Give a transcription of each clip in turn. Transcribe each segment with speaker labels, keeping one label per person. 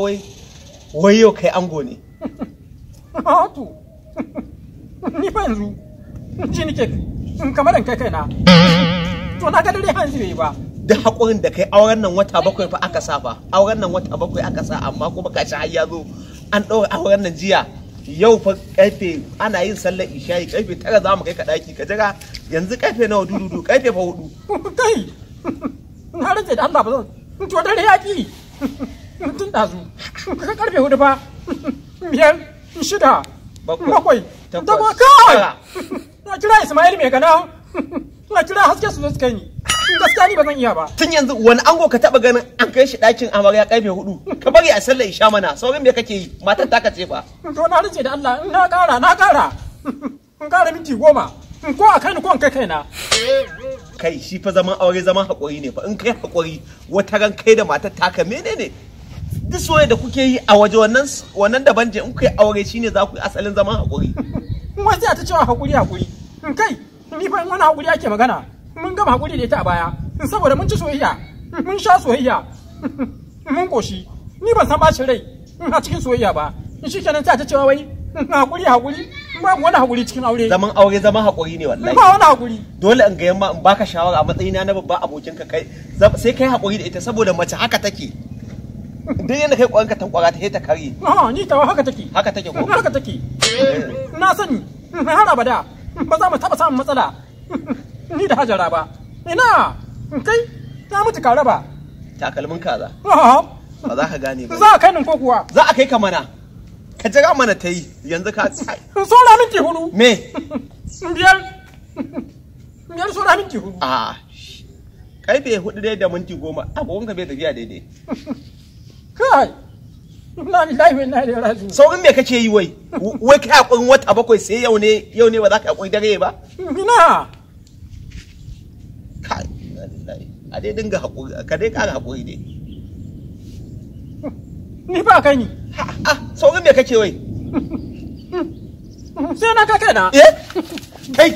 Speaker 1: wai wai yau kai ango ne
Speaker 2: to ni fa yanzu ji nike in kamar in kai kaina to na ga dare
Speaker 1: hanzu bai ba Da haƙurin da kai auren nan wata bakwai fa aka sa fa auren nan wata bakwai aka sa amma kuma ka har ya zo an ɗaura auren nan jiya yau fa karfe ana yin sallar isha'i karfe tara za mu kai ka ɗaki ka jira yanzu karfe nawa dududu karfe fa hudu kai
Speaker 2: na rage da Allah ba zan to dare ya ki tun ɗazu ka karfe hudu fa biyar shida bakwai takwas kawai na kira ismail mai gana na kira haske su suka yi
Speaker 1: gaskiya ni ba zan iya ba tun yanzu wani ango ka taba ganin an kai shi ɗakin amarya karfe hudu ka bari a sallar isha mana saurin me kake yi matan ta kace fa
Speaker 2: to na rike da
Speaker 1: Allah na kara na kara in kara minti goma ko a kai ni ko an kai kaina kai shi fa zaman aure zaman haƙuri ne fa in kai haƙuri wata ran kai da matar taka menene duk soyayya da kuke yi a waje wannan wannan daban je in kuke aure shine za ku yi asalin zaman hakuri
Speaker 2: kuma sai ta cewa hakuri hakuri kai ni fa wani hakuri ake magana mun gama hakuri da ita a baya saboda mun ci soyayya mun sha soyayya mun koshi ni ban san bacin rai a cikin soyayya ba shi kenan ta cewa wai hakuri hakuri babu wani
Speaker 1: hakuri cikin aure zaman aure zaman hakuri ne wallahi ba wani hakuri dole in ga yamma in baka shawara a matsayina na babban abokinka kai sai kai hakuri da ita saboda mace haka take duk yadda kai kwanka
Speaker 2: ta kwara ta ta kare a ni tawa haka take haka take ko haka take na sani har abada ba za mu taba samun matsala ni da hajara ba ina kai ta mutu kare ba
Speaker 1: takalmin kaza ba za ka gane ba za
Speaker 2: a kai nan ko kuwa
Speaker 1: za a kai ka mana ka jira mana ta yi yanzu ka
Speaker 2: sora minti hudu me biyar biyar sora minti
Speaker 1: hudu a ah, karfe hudu dai da minti goma abubuwan ka bai tafiya daidai kai Wallahi wallahi da rasu. Saurin me kake yi wai? Wai kai hakurin wata bakwai sai yau ne yau ne ba za ka hakuri dare ba? Ina. Kai wallahi. A dai dinga hakuri, ka dai kara hakuri dai. Ni ba kai ni. Ah, saurin me kake wai? Sai na ka kaina.
Speaker 2: Eh? Kai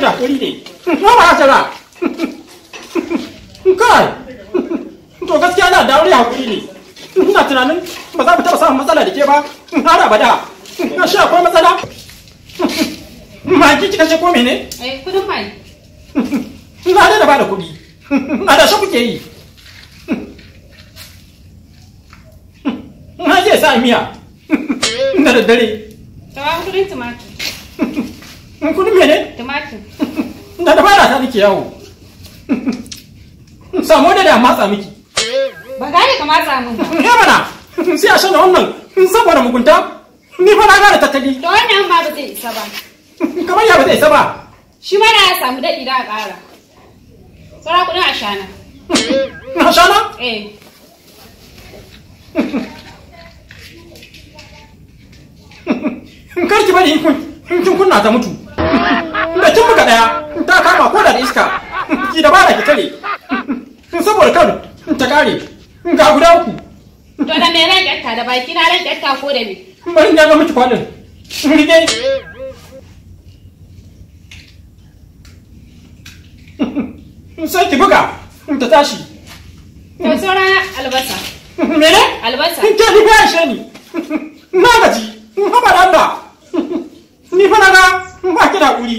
Speaker 2: ki da hakuri ne na ba haka ra kai to gaskiya na da hakuri ne ina tunanin ba za mu taba samun matsala da ke ba har abada na shi akwai matsala kika ce ko eh kudin mai da ba da kuɗi yi sa miya da kudin mene? tumatir da da ta nake yawo samu da da matsa miki ba gane ka matsa min ba ne bana sai a shan wannan saboda mugunta ni fa na gane tattali da wannan ma ba zai isa ba kamar ya ba zai isa ba shi ma na ya samu daɗi da a ƙara tsara kudin ashana ashana? eh kar ki bari in kin kunna ta mutu ka daya ta kama ko da iska ki da bana ki tare saboda kan ta kare ga guda uku to da me ran kyatta da baki na ran kyatta ko da me bari na ga miki kwanin rige sai ki buga ta tashi to tsora albasa mene albasa ta ni ba shi ne na gaji ba ba ni fa na ga ba ki da kuri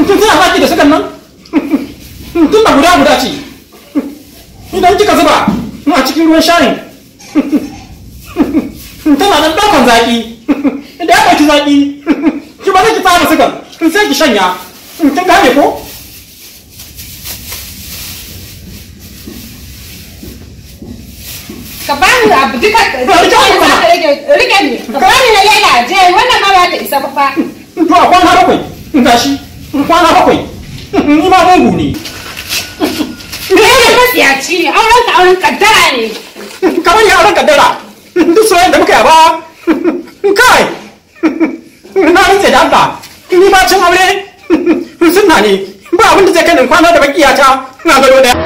Speaker 2: in kin ba ki da sakan nan tun da guda guda ce idan kika zuba a cikin ruwan shayin tana nan daukan zaki da ya ɗauki zaki ki ba ki tsara sakan sai ki shanya kin gane ko ka bani abu duka rike ne ka bani na leda je wannan ma ba ta isa ba fa to akwai na bakwai gashi ni ma mugu ne me ne matsiyaci ne auren ka auren kaddara ne kamar ya auren kaddara duk soyayya da muka yaba na rantse da Allah ni ba cin aure sunna ne ba abin da zai kanin kwana da bakiyata na gado daya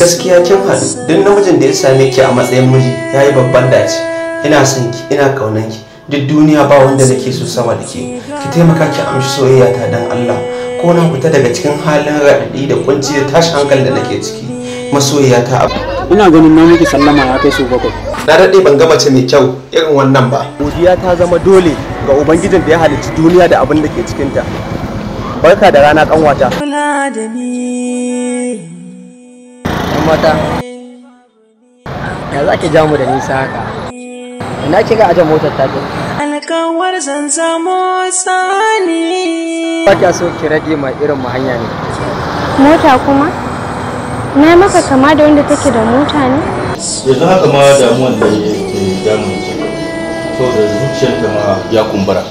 Speaker 1: gaskiya kin faɗi duk namijin da ya same ki a matsayin miji ya yi babban dace ina son ki ina kaunan ki duk duniya ba wanda nake so sama da ke ki taimaka ki amshi soyayya ta dan Allah ko na fita daga cikin halin raɗaɗi da da tashin hankali da nake ciki masoyiya ta abu
Speaker 2: ina ganin na miki sallama ya kai su bakwai
Speaker 1: na daɗe ban gama ce mai kyau irin wannan ba godiya ta zama dole ga ubangijin da ya halicci duniya da abin da ke cikinta barka da rana kanwata mata ya zaki ja mu da nisa haka ina kika aje motar ta ke
Speaker 2: alkawar zanzamo zamo sani
Speaker 1: ba kya so ki rage ma irin mu hanya ne
Speaker 2: mota kuma na maka kama da wanda take da mota ne
Speaker 1: yanzu haka ma damuwan da ke damun ki saboda zuciyar ta ma ya kumbura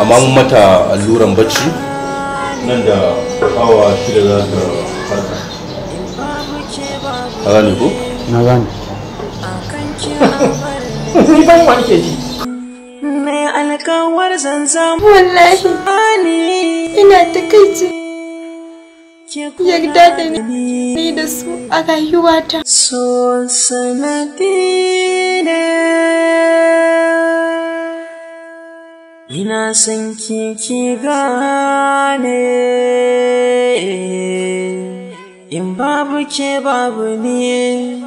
Speaker 1: amma mun mata alluran
Speaker 2: bacci nan da awa shida za ta farka ka gane ko na gane Riban wanke ji. Mai alkawar zanzam. Wallahi. Ani. Ina takaici. Yarda da ni
Speaker 1: da su a rayuwata. So sanadi ne. Ina son kiki
Speaker 2: gane. In babu ke babu ne.